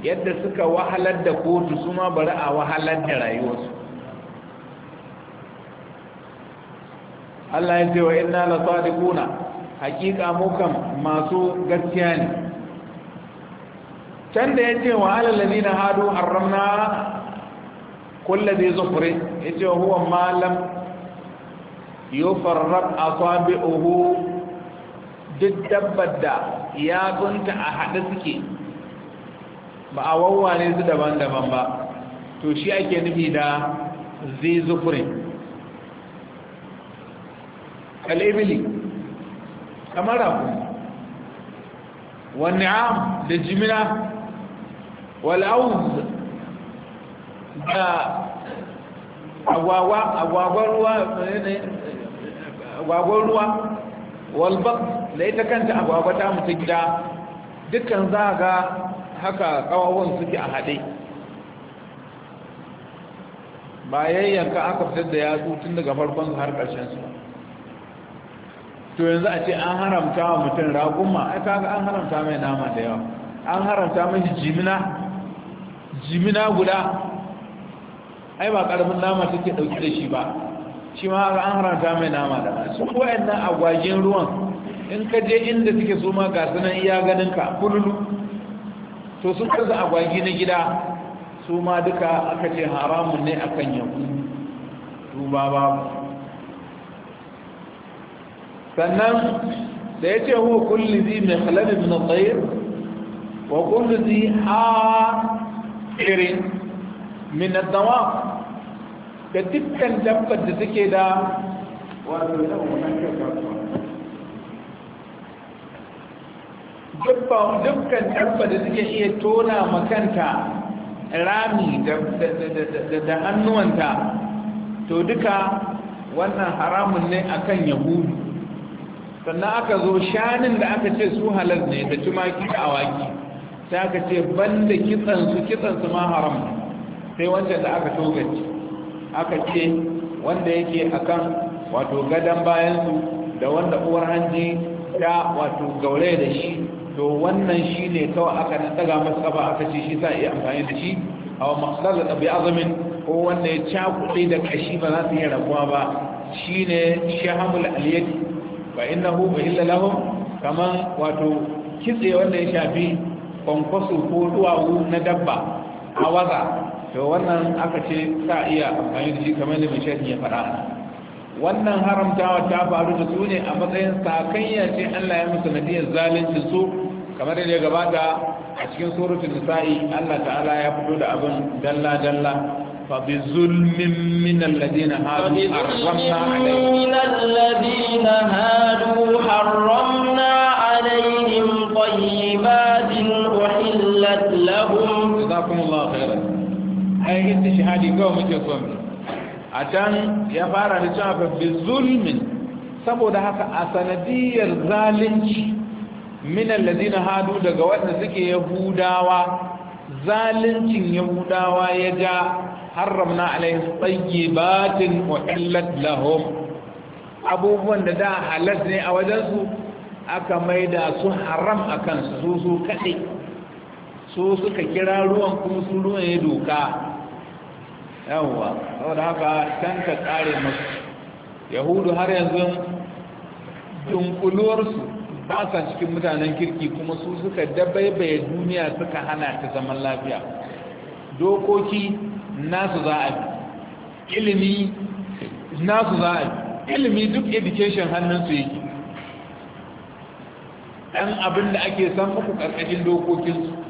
yadda suka wahalar da kotu su ma bari a wahalar da rayuwarsu Allah ya ce wa inna la sadiquna hakika mu kam masu gaskiya ne can da ya ce wa alal ladina hadu harramna kulla zai zufure ya ce huwa malam yufarrar uhu. duk dabbar da yatsunta a haɗe suke ba a wawwane su daban-daban ba to shi ake nufi da zai zufure kalibili kamar rafu wani am da jimina wal'auz da ruwa walbak da ita kanta agwagwa ta mutu gida dukkan za ga haka kawawan suke a haɗe ba yayyanka aka fitar da yatsu tun daga farkon har ƙarshen su to yanzu a ce an haramta wa mutum ragunma a kaga an haramta mai nama da yawa an haramta mai jimina jimina guda ai ba karamin nama take dauki da shi ba shi ma an haranta mai nama da su wayannan agwajin ruwan in ka je inda suke su ma ga sanan iya ganin ka kullu to sun karza agwagi na gida su ma duka aka ce haramun ne akan yanku duba ba sannan da ya ce huwa kulli zi mai halalin na tsayir wa kulli zi a irin min adama da dukkan dabbar da suke da dukkan dabbar da suke iya tona makanta rami da hannuwanta to duka wannan haramun ne akan yahudu sannan aka zo shanin da aka ce su halar ne da tumaki da awaki sai aka ce banda kitsansu kitsansu ma haram sai wancan da aka tokanci aka ce wanda yake akan wato gadon bayansu da wanda uwar hanji ta wato gaure da shi to wannan shi ne kawai aka na daga masu kafa aka ce shi za a amfani da shi a wa da bai azumin ko wanda ya cakuɗe da kashi ba za su iya rabuwa ba shi ne shahamul aliyati ba inna hu ba illa lahum Kamar wato kitse wanda ya shafi kwankwaso ko duwawu na dabba a waza to wannan aka ce ta iya amfani da shi kamar da mai ya faɗa wannan haramtawa ta faru da su ne a matsayin sakayya ce Allah ya musu nadiyar zalunci su kamar da ya gabata a cikin suratul nisa'i Allah ta'ala ya fito da abin dalla dalla فبظلم من الذين هادوا حرمنا عليهم من الذين هادوا حرمنا عليهم طيبات أحلت لهم جزاكم الله ai da shahadi kawai muke so a can ya fara da cewa fa bi zulmin saboda haka a sanadiyar zalunci min alladhina hadu daga wanda suke yahudawa zaluncin yahudawa ya ja harramna alaihim tayyibatin uhillat lahum abubuwan da da halas ne a wajensu aka maida su haram a kansu su su kaɗai su suka kira ruwan kuma su ruwan ya doka yawwa saboda haka can tsare musu yahudu har yanzu dunkuluwarsu ba sa cikin mutanen kirki kuma su suka dabaibaye duniya suka hana ta zaman lafiya dokoki nasu za a bi ilimi nasu za a bi ilimi duk education hannunsu yake ɗan abin da ake san muku ƙarƙashin dokokinsu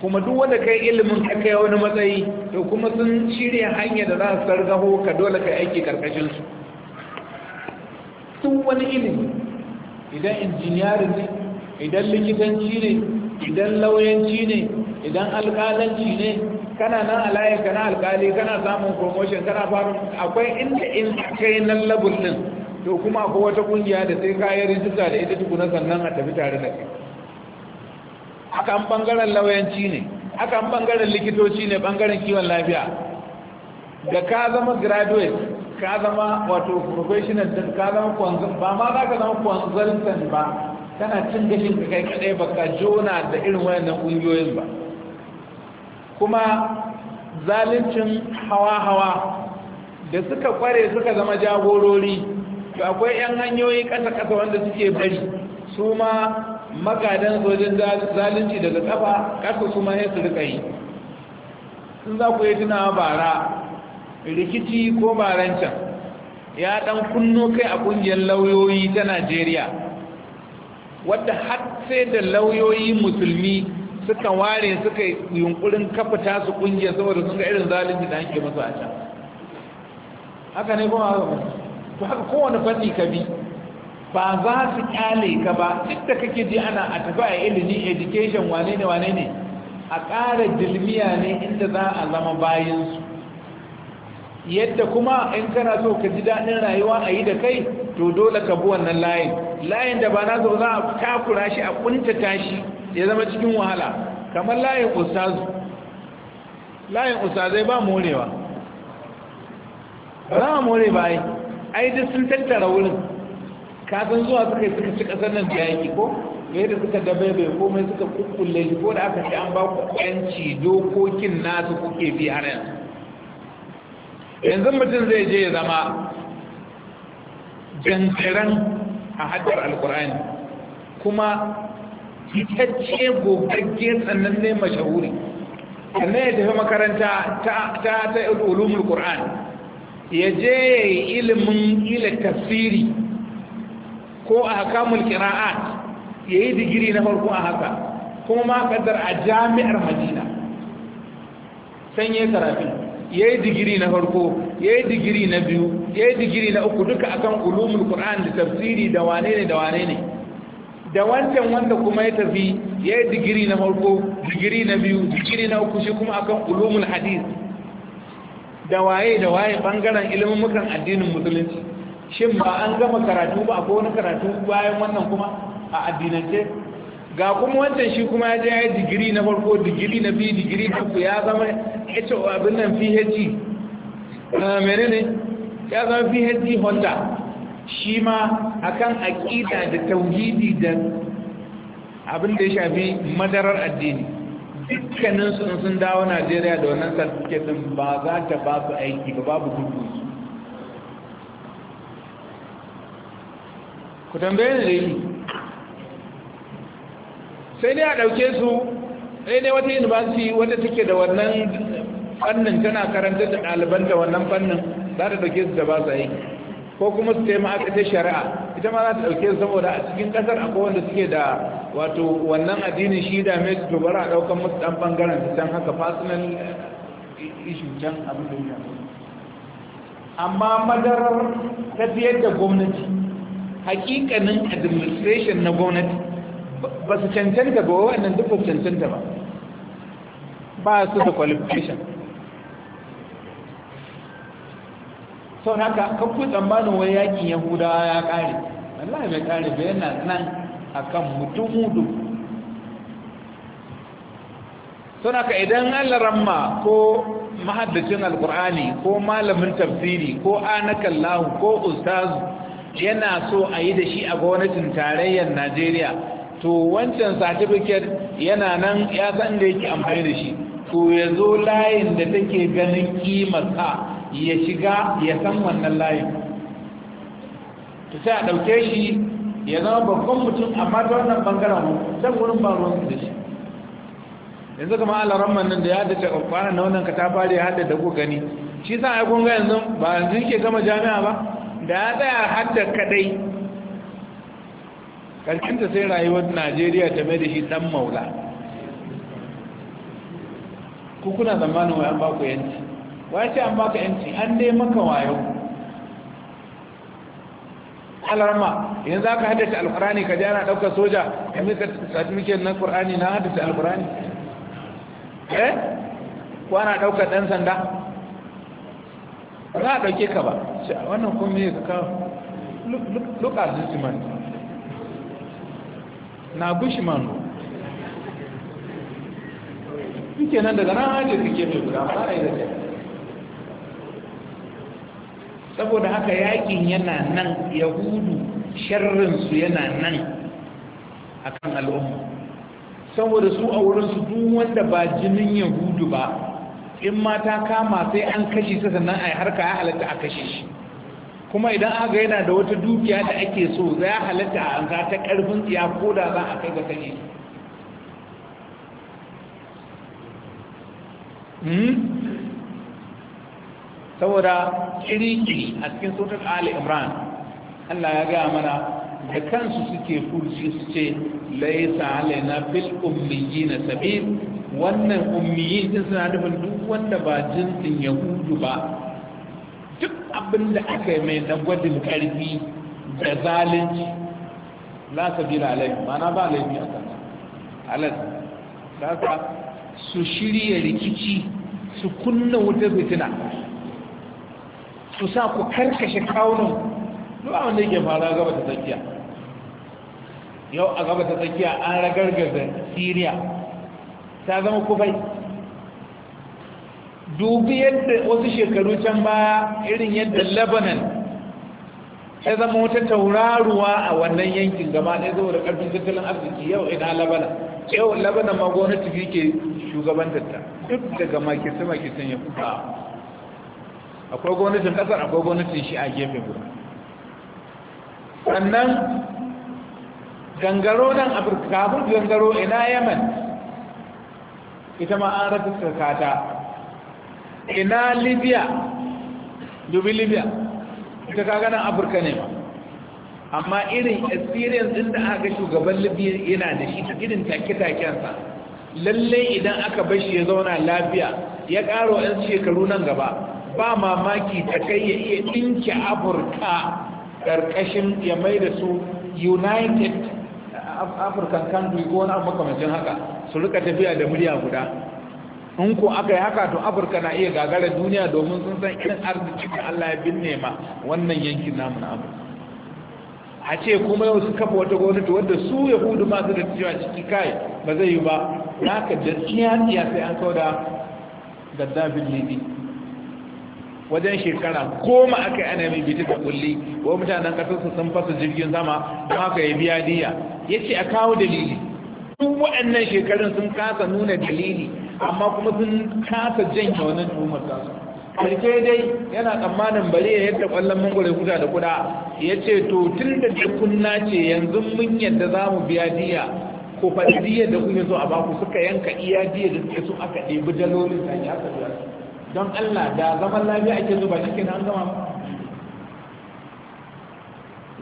kuma duk wanda kai ilimin ka kai wani matsayi to kuma sun shirya hanya da za su sargaho ka dole ka aiki karkashin su sun wani ilimi idan injiniyarin ne idan likitanci ne idan lauyanci ne idan alƙalanci ne kana nan a layin kana alƙali kana samun promotion kana faru akwai inda in kai nan labulin to kuma akwai wata kungiya da sai kayan rijista da ita tukuna sannan a tafi tare da kai haka an bangaren lauyanci ne haka bangaren likitoci ne bangaren kiwon lafiya da ka zama graduate ka zama wato professional din ka zama kwanzan ba ma za ka zama consultant ba tana cin gashin ka kai kadai ba ka jona da irin wayannan ƙungiyoyin ba kuma zaluncin hawa-hawa da suka kware suka zama jagorori to akwai 'yan hanyoyi ƙasa kasa wanda suke bari su ma magadan sojin zalunci daga kafa kasa su ya su rika yi sun za ku yi tuna bara rikici ko barancan ya dan kunno kai a kungiyar lauyoyi ta najeriya wadda har sai da lauyoyi musulmi suka ware suka yunkurin kafa tasu kungiyar saboda sun irin zalunci da ake masu a can haka ne kuma kowane fanni ka bi ba za su kyale ka ba duk da kake ji ana a tafi a ilimi education wane ne wane ne a ƙara dilmiya ne inda za a zama bayansu yadda kuma in kana so ka ji daɗin rayuwa a yi da kai to dole ka bi wannan layin layin da ba na zo za a takura shi a kuntata shi ya zama cikin wahala kamar layin ustazu layin ustazai ba morewa ba za a more ba ai ai duk sun tattara wurin kafin zuwa suka suka ci kasar nan da yaki ko da yadda suka dabe bai komai suka kukkulle shi ko da aka ce an ba ku yanci dokokin nasu kuke bi har yanzu yanzu mutum zai je ya zama jantaran a haddar alkur'ani kuma fitacce gobagge sannan ne mashahuri sannan ya tafi makaranta ta ta ulumul qur'an ya je ya yi ilimin ila tafsiri ko a hakamul kira'at ya yi digiri na farko a haka kuma ma kaddar a jami'ar madina san ya karafi ya yi digiri na farko ya yi digiri na biyu ya yi digiri na uku duka akan ulumul qur'an da tafsiri da wane ne da wane ne da wancan wanda kuma ya tafi ya yi digiri na farko digiri na biyu digiri na uku shi kuma akan ulumul hadis da waye da waye bangaren ilimin mukan addinin musulunci shin ba an gama karatu ba akwai wani karatu bayan wannan kuma a addinance ga kuma wancan shi kuma ya je ya yi digiri na farko digiri na biyu digiri na uku ya zama ho abin nan phd ah, menene ya zama phd honda shi ma akan aƙida da tauhidi da abin da ya shafi madarar addini dukkaninsu sun dawo najeriya da wannan sarfike ba za ta ba su aiki ba babu gudu ku tambaye ni yi sai dai a ɗauke su sai dai wata yunibansi wadda take da wannan fannin tana karanta da ɗaliban da wannan fannin za ta ɗauke su da ba sa yi ko kuma su taimaka a ƙasar shari'a ita ma za ta ɗauke su saboda a cikin ƙasar akwai wanda suke da wato wannan addinin shi da mai su bari a ɗaukan musu ɗan ɓangaren su can haka personal issue can abin da ya amma madarar tafiyar da gwamnati hakikanin administration na gwamnati ba su cancanta ba wannan duk ba su cancanta ba ba su da qualification sau haka kakku tsammanin wai yakin yahudawa ya ƙare Allah ya ƙare ba yana nan kan mutum hudu sau haka idan Allah ramma ko mahaddacin alkur'ani ko malamin tafsiri ko anakallahu ko ustazu yana so a yi da shi a gwamnatin tarayyar najeriya to wancan certificate yana nan ya san da yake amfani da shi to ya zo layin da take ganin kimarsa ya shiga ya san wannan layin to sai a ɗauke shi ya zama babban mutum amma ta wannan bangaren san wurin ba ruwan da shi yanzu kama alaran nan da ya dace kwanan na wannan ka ta fara ya hada da ku gani shi sa a ga yanzu ba yanzu ke gama jami'a ba da ya tsaya hadda kadai karkinta sai rayuwar najeriya ta mai da shi dan maula kuna zamanin wayan baku yanci wayan ce an baka yanci an dai maka wayo alarma yanzu aka haddace alkurani ka jana ɗaukar soja ya mika satimikin na kurani na haddace alkurani eh kwana ɗaukar ɗan sanda ba za a ɗauke ka ba wannan kuma ya kawo luka at this man na bushman suke nan daga nan hajji suke mai guda ba a yi da saboda haka yakin yana nan yahudu sharrinsu yana nan akan al'umma saboda su a wurinsu duk wanda ba jinin yahudu ba in ma ta kama sai an kashe ta sannan a harka ya halatta a kashe shi kuma idan aka yana da wata dukiya da ake so za a halatta a anka ta karfin tsiya ko da za a kai ga kashe hmm? saboda kiri a cikin sautar ali imran allah ya gaya mana da kansu suke furci su ce laisa alaina fil ummiyyi na sabil wannan ummiyin din suna nufin duk wanda ba jinsin yahudu ba duk abin da aka yi mai na gwadin karfi da zalunci la da alaihi mana ba laifi a kan alal saka su shirya rikici su kunna wutar fitina su sa ku karkashe kawunan zuwa wanda yake fara gaba ta tsakiya yau a gaba ta tsakiya an ragargaza siriya ta zama kufai dubi yadda wasu shekaru can baya irin yadda lebanon ya zama wata tauraruwa a wannan yankin gama ɗaya saboda ƙarfin tattalin arziki yau ina lebanon yau lebanon ma gwamnati ke shugaban tatta duk daga makisa-makisan ya kuka akwai gwamnatin ƙasar akwai gwamnatin shi a gefe guda sannan gangaro nan afirka kafin gangaro ina yaman ita ma an rajistarka ta ina libya dubi libya ita kaga nan afirka ne ba amma irin experience din da aka shugaban libya yana da shi irin take-takensa lallai idan aka shi ya zauna lafiya ya karo 'yan shekaru nan gaba ba mamaki ta kai ya iya ɗinke afirka ƙarƙashin ya mai da su united afirkan country ko wani makamancin haka su rika tafiya da murya guda in ko aka yi haka to afirka na iya gagarar duniya domin sun san irin arziki da allah ya binne ma wannan yankin namu afirka a ce kuma yau su kafa wata gwamnati wadda su yahudu masu da cewa ciki kai ba zai yi ba na ka da tsiya sai an kawo da gaddafin libi wajen shekara goma aka yi ana mai biti da kulli wa mutanen kasar su sun fasa jirgin sama ba haka ya biya diya ya ce a kawo dalili duk waɗannan shekarun sun kasa nuna dalili amma kuma sun kasa janye wannan tuhumar tasu karke dai yana tsammanin bari ya yadda kwallon mangwale kuda da kuda ya ce to tun da kunna ce yanzu mun yadda za mu biya diya ko faɗi diya da kuke so a baku suka yanka iya diya da suke so aka ɗebi dalolin da ya aka biya don Allah da zaman lafiya ake zuba cikin an gama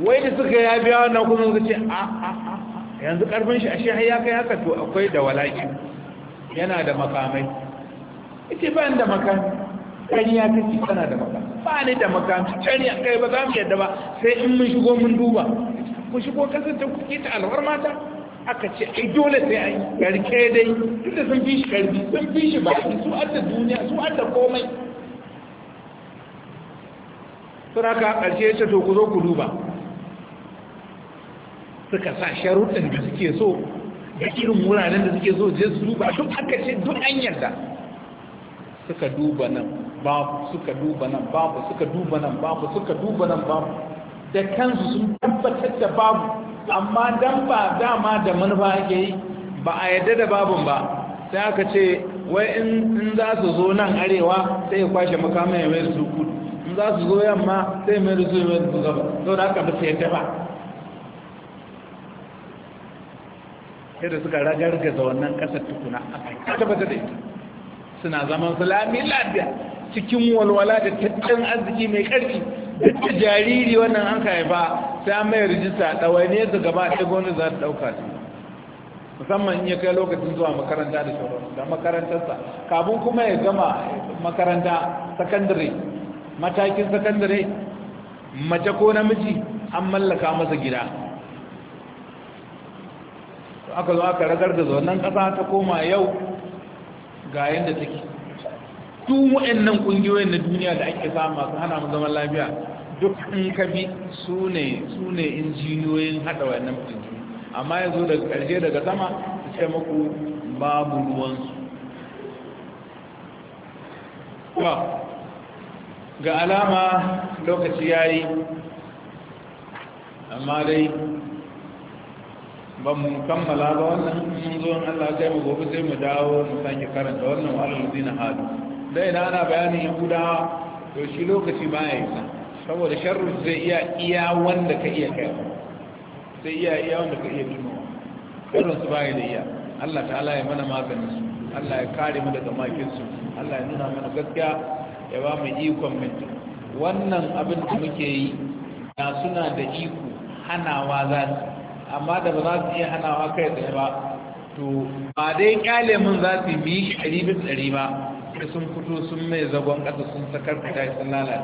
wai da suka ya biya wannan kuma suka ce a a a yanzu karfin shi ashe har ya kai haka to akwai da walaki yana da makamai ita ba da makami ta ci tana da makami ba ni da makami ya kai ba za mu yadda ba sai in mun shigo mun duba ku shigo kasar ta kuke ta alwar mata aka ce ai dole sai ai karke dai duk da sun fi shi karfi sun fi shi baki su adda duniya su adda komai sun haka ƙarshe ya ce to ku zo ku duba suka sa sharuɗin da suke so da irin wuraren da suke so je su duba duk aka ce duk an yarda suka duba nan babu suka duba nan babu suka duba nan babu suka duba nan babu da kansu sun tabbatar da babu amma dan ba dama da manufa yake yi ba a yarda da babun ba sai aka ce wai in za su zo nan arewa sai ya kwashe makamai ya mai su kudu in za su zo yamma sai mai su mai su gaba sau da aka bisa yadda ba sai da suka ragargaza wannan ƙasar tukuna a tabbata da ita suna zaman sulami lafiya cikin walwala da tattalin arziki mai ƙarfi da jariri wannan an haifa sai an mai rijista ɗawaine su gaba ɗaya gwamnati za ta ɗauka su musamman in ya kai lokacin zuwa makaranta da sauransu da makarantarsa kafin kuma ya gama makaranta sakandare matakin sakandare mace ko namiji an mallaka masa gida aka zo aka ragar da zonan ƙasa ta koma yau ga yadda take duk waɗannan ƙungiyoyin na duniya da ake sa masu hana mu zaman lafiya duk in ka bi su ne su ne injiniyoyin haɗa amma ya zo daga ƙarshe daga sama su ce maku babu ruwansu ga alama lokaci ya yi amma dai ba mu kammala ba wannan mun zo Allah sai mu gobe sai mu dawo mu sake karanta wannan walal ladina hadu dai na ana bayanin yahuda to shi lokaci ba ya isa saboda sharru zai iya iya wanda ka iya kai sai iya iya wanda ka iya tuno sharru su ba da iya Allah ta'ala ya mana maganin su Allah ya kare mu daga makin su Allah ya nuna mana gaskiya ya ba mu ikon mu wannan abin da muke yi na suna da iko hanawa za su amma da ba za su iya hanawa kai tsaye ba to ba dai kyale mun za su yi ɗari bisa ɗari ba sai sun fito sun mai zagon ƙasa sun sakar fita sun lalata